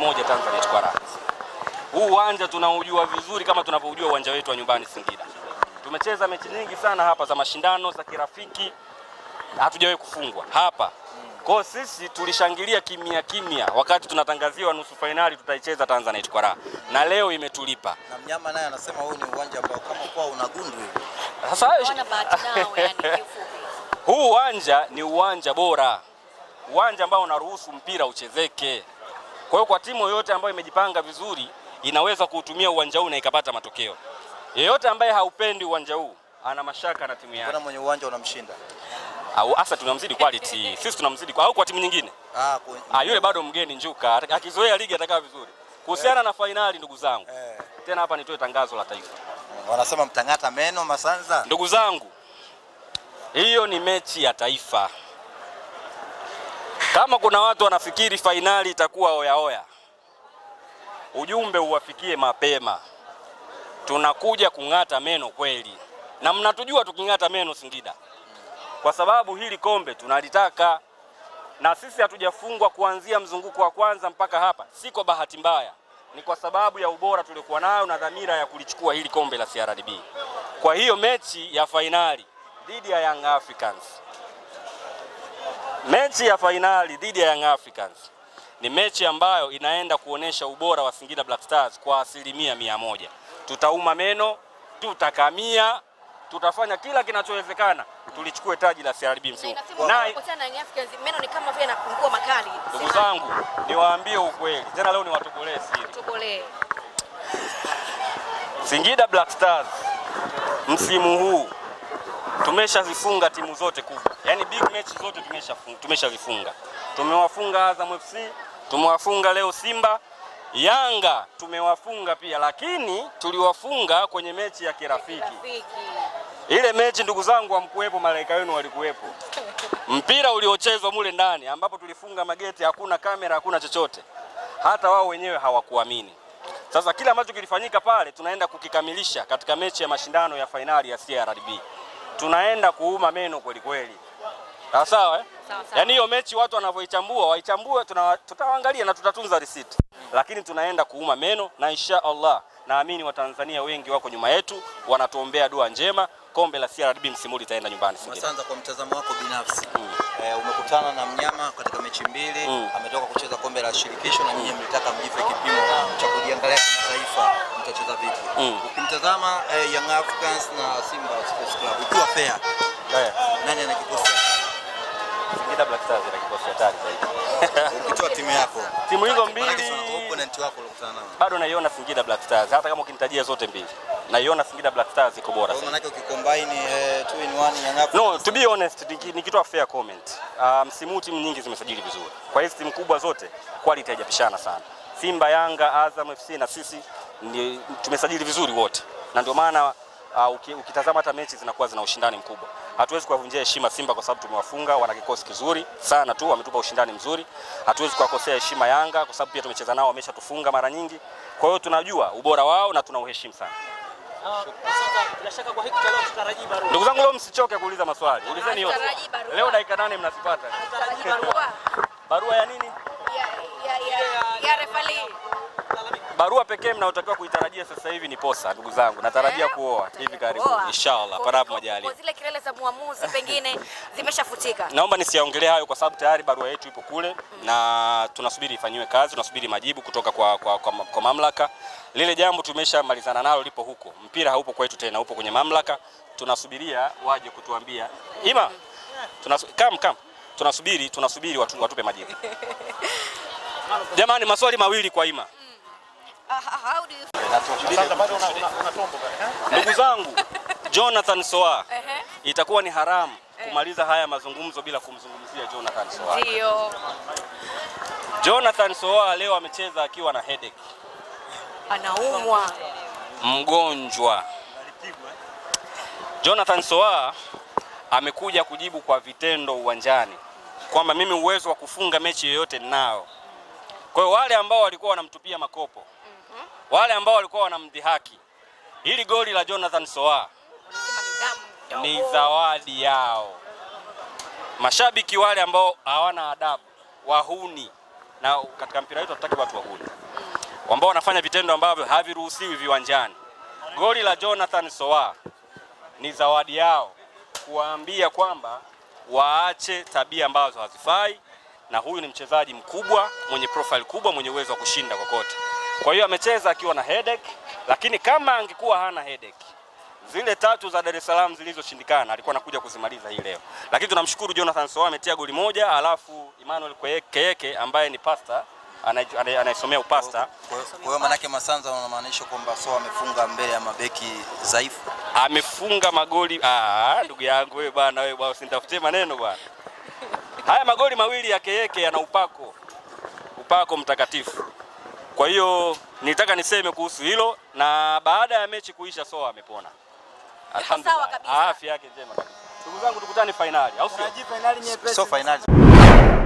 Moja Tanzania raha. Huu uwanja tunaujua vizuri kama tunavyojua uwanja wetu wa nyumbani Singida. Tumecheza mechi nyingi sana hapa za mashindano za kirafiki, hatujawahi kufungwa hapa. Kwa sisi tulishangilia kimya kimya wakati tunatangaziwa nusu fainali tutaicheza Tanzania raha, na leo imetulipa. Na mnyama naye anasema huu ni uwanja ambao kama kwa una gundu hivi. Sasa huu uwanja ni uwanja bora, uwanja ambao unaruhusu mpira uchezeke. Kwa hiyo kwa timu yoyote ambayo imejipanga vizuri inaweza kuutumia uwanja huu na ikapata matokeo. Yeyote ambaye haupendi uwanja huu ana mashaka na timu yake. Mbona mwenye uwanja unamshinda? Au hasa tunamzidi quality. Sisi tunamzidi kwa au kwa timu nyingine? Ah, ah, yule bado mgeni njuka. Akizoea ligi atakaa vizuri. Kuhusiana eh, na fainali ndugu zangu. Eh. Tena hapa nitoe tangazo la taifa. Mm, wanasema mtangata meno Masanza. Ndugu zangu, hiyo ni mechi ya taifa. Kama kuna watu wanafikiri fainali itakuwa oya oya, ujumbe uwafikie mapema. Tunakuja kung'ata meno kweli, na mnatujua tuking'ata meno Singida, kwa sababu hili kombe tunalitaka, na sisi hatujafungwa kuanzia mzunguko wa kwanza mpaka hapa, si kwa bahati mbaya, ni kwa sababu ya ubora tuliokuwa nayo na dhamira ya kulichukua hili kombe la CRDB. Kwa hiyo mechi ya fainali dhidi ya Young Africans Mechi ya fainali dhidi ya Young Africans ni mechi ambayo inaenda kuonesha ubora wa Singida Black Stars kwa asilimia mia moja. Tutauma meno, tutakamia, tutafanya kila kinachowezekana tulichukue taji la CRB msimu. Ndugu zangu, niwaambie ukweli tena, leo niwatobolee siri. Singida Black Stars msimu huu tumeshazifunga timu zote kubwa, yaani big match zote tumeshafunga, tumeshazifunga. Tumewafunga Azam FC, tumewafunga leo Simba, Yanga tumewafunga pia, lakini tuliwafunga kwenye mechi ya kirafiki. Ile mechi ndugu zangu, hamkuwepo, malaika wenu walikuwepo. Mpira uliochezwa mule ndani, ambapo tulifunga mageti, hakuna kamera, hakuna chochote, hata wao wenyewe hawakuamini. Sasa kila ambacho kilifanyika pale, tunaenda kukikamilisha katika mechi ya mashindano ya fainali ya CRDB tunaenda kuuma meno kweli kweli. Ah, sawa eh? Yaani hiyo mechi watu wanavyoichambua waichambue, tutaangalia na tutatunza receipt. lakini tunaenda kuuma meno na insha Allah, naamini Watanzania wengi wako nyuma yetu wanatuombea dua njema kombe la CRDB msimu litaenda nyumbani Singida. Asante kwa mtazamo wako binafsi. Mm. E, umekutana na mnyama katika mechi mbili mm. ametoka kucheza kombe la shirikisho na nyinyi mlitaka mjipe kipimo cha kujiangalia kimataifa mtacheza vipi? Mm. Ukimtazama e, Young Africans na Simba Sports Club ukiwa fair. Yeah. Nani ana kikosi cha Singida Black Stars ana kikosi cha hatari zaidi. Ukitoa timu yako. Timu hizo mbili talent wako ulikutana nao? Bado naiona Singida Black Stars hata kama ukinitajia zote mbili. Naiona Singida Black Stars iko bora. sana. Maana yake ukicombine eh, two in one Yanga. No, to be honest nikitoa fair comment. Msimu um, timu nyingi zimesajili vizuri. Kwa hiyo timu kubwa zote quality haijapishana sana. Simba, Yanga, Azam FC na sisi ni tumesajili vizuri wote. Na ndio maana uh, ukitazama hata mechi zinakuwa zina ushindani mkubwa. Hatuwezi kuwavunjia heshima Simba kwa sababu tumewafunga, wana kikosi kizuri sana tu, wametupa ushindani mzuri. Hatuwezi kuwakosea heshima Yanga kwa sababu pia tumecheza nao, wameshatufunga mara nyingi. Kwa hiyo tunajua ubora wao na tunauheshimu sana. Ndugu zangu, leo msichoke kuuliza maswali, ulizeni yote. Leo dakika nane mnazipata. Barua ya nini? Barua pekee mnayotakiwa kuitarajia sasa hivi ni posa, ndugu zangu. Natarajia eh? kuoa hivi karibuni inshallah, panapo majaliwa. Zile kelele za muamuzi pengine zimeshafutika. Naomba nisiaongelee hayo kwa sababu tayari barua yetu ipo kule mm, na tunasubiri ifanyiwe kazi, tunasubiri majibu kutoka kwa, kwa, kwa, kwa mamlaka. Lile jambo tumeshamalizana nalo, lipo huko. Mpira haupo kwetu tena, upo kwenye mamlaka. Tunasubiria waje kutuambia ima, tunasu, kam, kam. Tunasubiri tunasubiri watu, watupe majibu jamani. Maswali mawili kwa Ima. Ndugu zangu Jonathan Soa, itakuwa ni haramu eh. kumaliza haya mazungumzo bila kumzungumzia Jonathan Soa. Ndio. Jonathan Soa leo amecheza akiwa na headache. Anaumwa. Mgonjwa. Jonathan Soa amekuja kujibu kwa vitendo uwanjani kwamba mimi uwezo wa kufunga mechi yoyote ninao. Kwa hiyo wale ambao walikuwa wanamtupia makopo wale ambao walikuwa wanamdhihaki. Hili goli la Jonathan Soa ni zawadi yao. Mashabiki wale ambao hawana adabu, wahuni, na katika mpira wetu hatutaki watu wahuni ambao wanafanya vitendo ambavyo haviruhusiwi viwanjani. Goli la Jonathan Soa ni zawadi yao kuwaambia kwamba waache tabia ambazo hazifai, na huyu ni mchezaji mkubwa mwenye profile kubwa mwenye uwezo wa kushinda kokote. Kwa hiyo amecheza akiwa na headache, lakini kama angekuwa hana headache zile tatu za Dar es Salaam zilizoshindikana alikuwa anakuja kuzimaliza hii leo, lakini tunamshukuru Jonathan Soa ametia goli moja, alafu Emmanuel Keke ambaye ni pasta anayesomea upasta. Kwa hiyo manake Masanza wanamaanisha kwamba Soa amefunga mbele ya mabeki dhaifu, amefunga magoli. Ah, ndugu yangu wewe bwana, wewe bwana, usinitafutie maneno bwana. Haya magoli mawili ya Keke yana upako, upako mtakatifu. Kwa hiyo nitaka niseme kuhusu hilo, na baada ya mechi kuisha Soa amepona, alhamdulillah, afya yake njema kabisa. Ndugu zangu, tukutane fainali au sio? Finali nyepesi, sio finali.